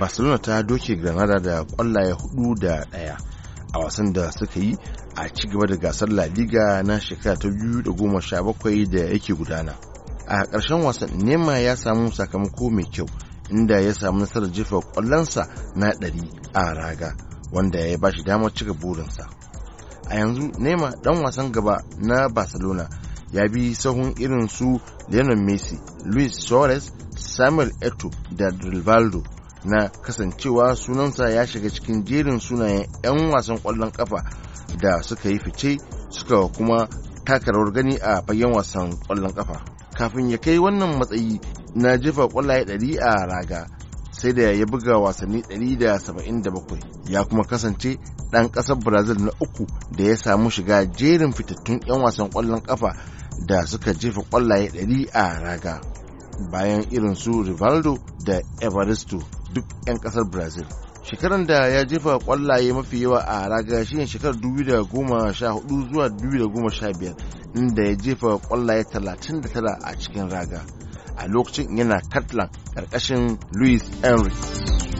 barcelona ta doke granada da kwallaye hudu da daya a wasan da suka yi a ci gaba da gasar la liga na shekara ta biyu da goma sha bakwai da yake gudana a ƙarshen wasan nema ya samu sakamako mai kyau inda ya samu nasarar jefa kwallonsa na ɗari a raga wanda ya ba shi damar cika burinsa a yanzu nema dan wasan gaba na barcelona ya bi sahun irin su Lionel Messi, Luis Suarez, Samuel eto da Rivaldo na kasancewa sunansa ya shiga cikin jerin sunayen 'yan wasan kwallon kafa da suka yi fice suka kuma taka gani a fagen wasan kwallon kafa kafin ya kai wannan matsayi na jefa kwallaye 100 a raga sai da ya buga wasanni 177 ya kuma kasance ɗan ƙasar brazil na uku da ya samu shiga jerin fitattun 'yan wasan ƙwallon ƙafa da suka jefa kwallaye 100 a raga bayan irin su rivaldo da evaristo duk 'yan kasar brazil shekaran da ya jefa kwallaye mafi yawa a raga shi shekarar 2014 zuwa 2015 inda ya jefa kwallaye 39 a cikin raga a lokacin yana katlan karkashin louis enrique